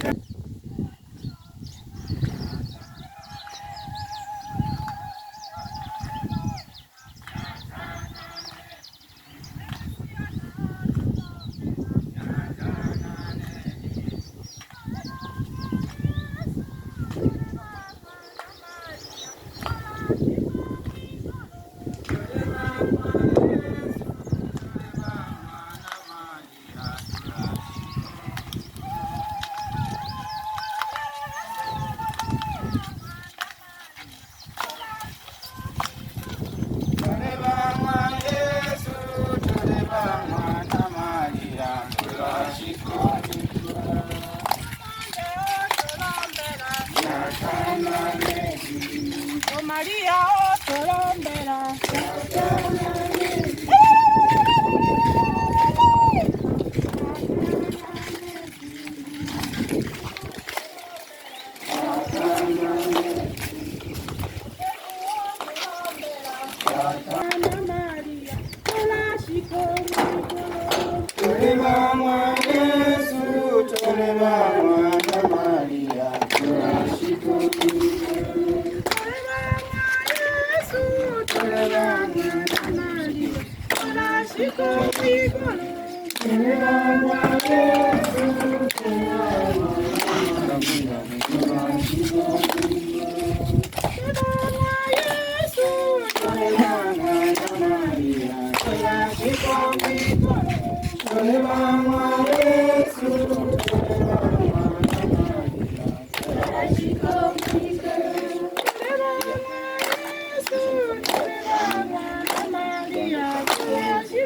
Okay. Msifu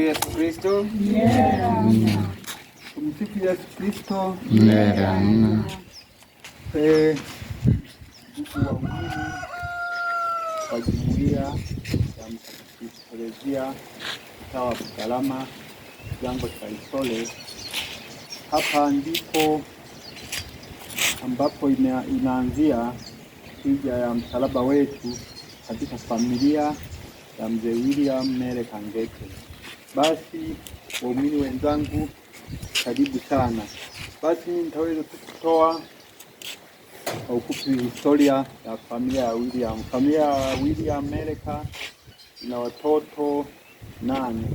Yesu Kristo. Msifu Yesu Kristo. Kwa jumuiya ya Mkolezia mtaa wa Bugalama, jimbo la Isole, hapa ndipo ambapo ina, inaanzia hija ya msalaba wetu katika familia ya mzee William Mele Kangete. Basi waumini wenzangu, karibu sana. Basi nitaweza tu kutoa kwa ufupi historia ya familia ya William. Familia ya William mereka ina watoto nane,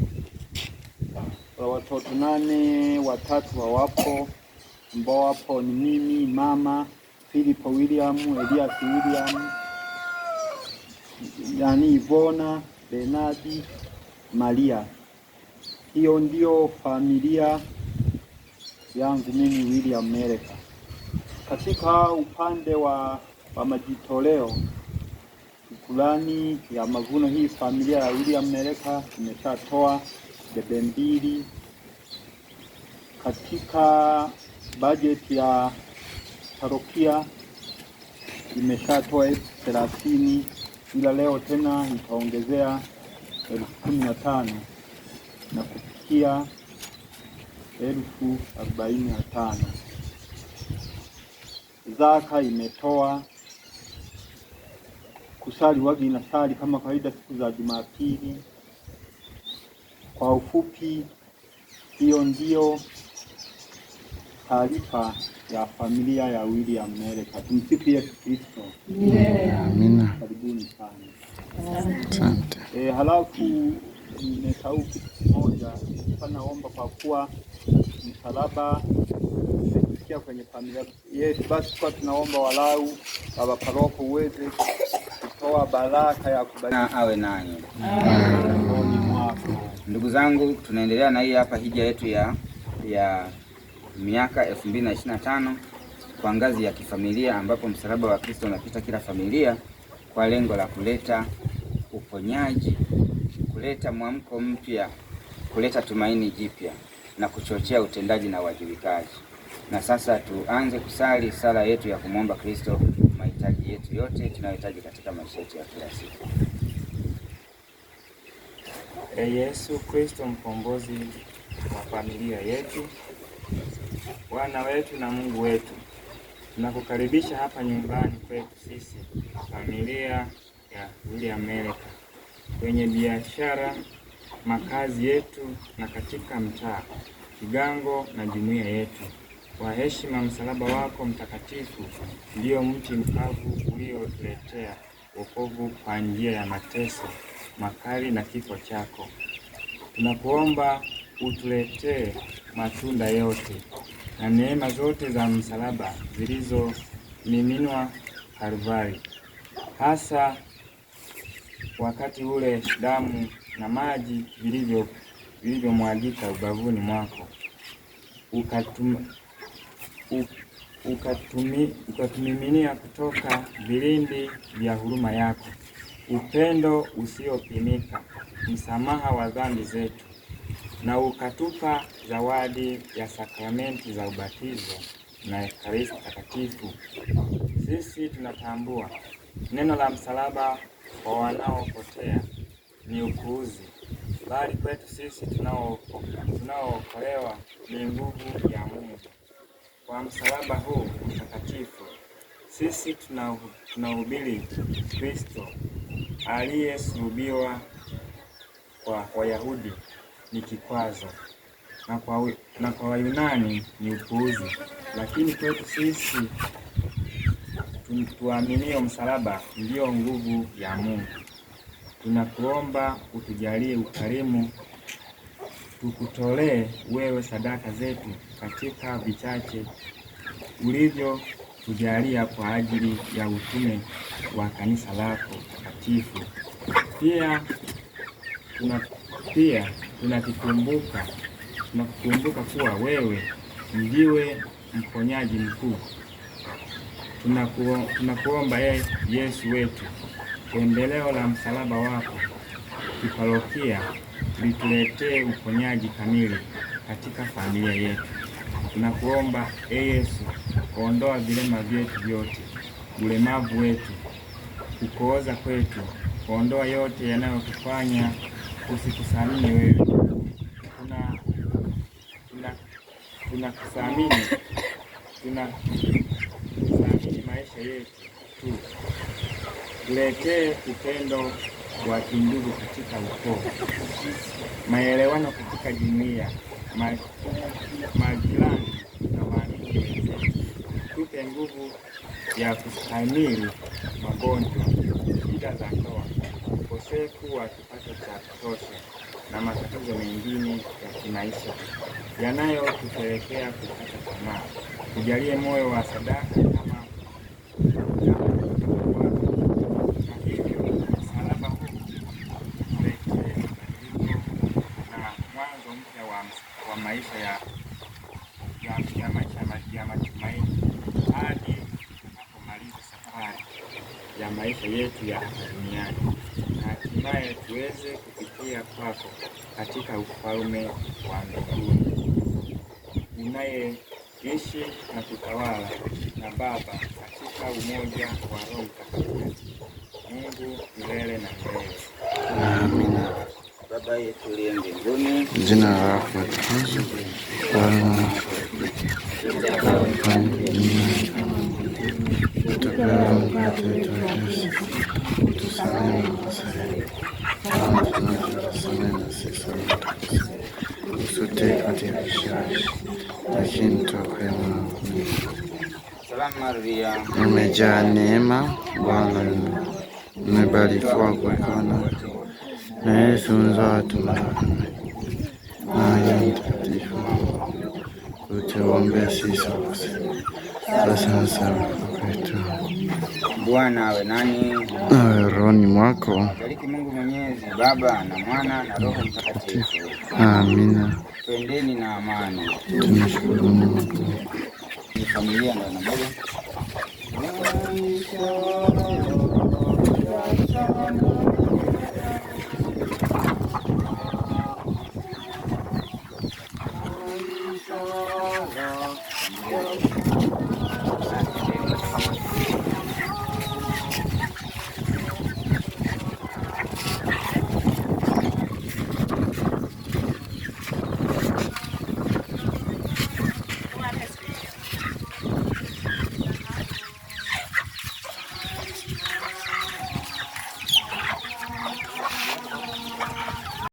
watoto nane, watatu hawapo ambao wapo ni mimi, mama Philip William, Elias William, yani Ivona, Benadi, Maria. Hiyo ndio familia yangu mimi William Mereka. Katika upande wa, wa majitoleo shukrani ya mavuno, hii familia ya William Mereka imeshatoa debe mbili katika bajeti ya Parokia imeshatoa elfu thelathini ila leo tena itaongezea elfu kumi na tano na kufikia elfu arobaini na tano. Zaka imetoa kusali wagi na sali kama kawaida siku za Jumapili. Kwa ufupi, hiyo ndio taarifa ya familia ya William Mereka. Tumsifu Yesu Kristo. Amina. Karibuni sana. Asante. Eh, halafu nimesahau kitu kimoja, naomba kwa kuwa msalaba umefikia kwenye familia yetu, basi kwa tunaomba walau baba paroko uweze kutoa baraka ya kubariki awe nanyi. Ndugu zangu, tunaendelea na hii hapa hija yetu ya ya miaka 2025 kwa ngazi ya kifamilia, ambapo msalaba wa Kristo unapita kila familia kwa lengo la kuleta uponyaji, kuleta mwamko mpya, kuleta tumaini jipya na kuchochea utendaji na uwajibikaji. Na sasa tuanze kusali sala yetu ya kumwomba Kristo mahitaji yetu yote tunayohitaji katika maisha yetu ya kila siku. E Yesu Kristo mkombozi wa familia yetu Bwana wetu na Mungu wetu, tunakukaribisha hapa nyumbani kwetu sisi familia ya William Meleka kwenye biashara, makazi yetu na katika mtaa, kigango na jumuiya yetu. Kwa heshima msalaba wako mtakatifu, ndiyo mti mkavu uliotuletea wokovu kwa njia ya mateso makali na kifo chako. Tunakuomba utuletee matunda yote na neema zote za msalaba zilizomiminwa Kalvari, hasa wakati ule damu na maji vilivyo vilivyomwagika ubavuni mwako ukatum, ukatumi, ukatumiminia kutoka vilindi vya huruma yako, upendo usiopimika, msamaha wa dhambi zetu na ukatupa zawadi ya sakramenti za ubatizo na Ekaristi Takatifu. Sisi tunatambua neno la msalaba kwa wanaopotea ni ukuuzi, bali kwetu sisi tunaookolewa ni nguvu ya Mungu. Kwa msalaba huu mtakatifu sisi tunahubiri Kristo aliyesulubiwa kwa Wayahudi ni kikwazo na kwa, na kwa Wayunani ni upuuzi, lakini kwetu sisi tuaminio msalaba ndiyo nguvu ya Mungu. Tunakuomba utujalie ukarimu, tukutolee wewe sadaka zetu katika vichache ulivyotujalia kwa ajili ya utume wa kanisa lako takatifu. Pia tuna pia tunakikumbuka tunakukumbuka kuwa wewe ndiwe mponyaji mkuu. Tunaku, tunakuomba e Yesu wetu, tembeleo la msalaba wako kiparokia lituletee uponyaji kamili katika familia yetu. Tunakuomba e Yesu, ondoa vilema vyetu vyote, ulemavu wetu, kukooza kwetu, ondoa yote yanayotufanya usikusamini wewe zinakusamini zinakusamini maisha yetu tu. Tuletee upendo wa kindugu katika ukoo, maelewano katika jumuiya, majirani na waamini wenzetu. Tupe nguvu ya kustahimili magonjwa, shida za ndoa, ukosefu wa kipato cha kutosha na matatizo mengine ya kimaisha yanayotupelekea kukata tamaa. Tujalie moyo wa sadaka kama wa maisha ya ya maisha ya matumaini hadi tunapomaliza safari ya maisha yetu ya duniani, na hatimaye tuweze kufikia kwako katika ufalme wa mbinguni unayeishi na kutawala na Baba katika umoja wa Roho Mtakatifu, Mungu milele na milele. Amina. Baba yetu uliye mbinguni, jina lako litukuzwe lakini tokea nimejaa neema. Bwana nimebarikiwa kuikana na Yesu mzaa naye mtakatifu utuombee sisi sasa sana kwetu. Bwana awe nani? Awe mwako. Mungu Mwenyezi, Baba na Mwana na Roho Mtakatifu. Amina. Pendeni na amani. Tunashukuru Mungu. Familia ndio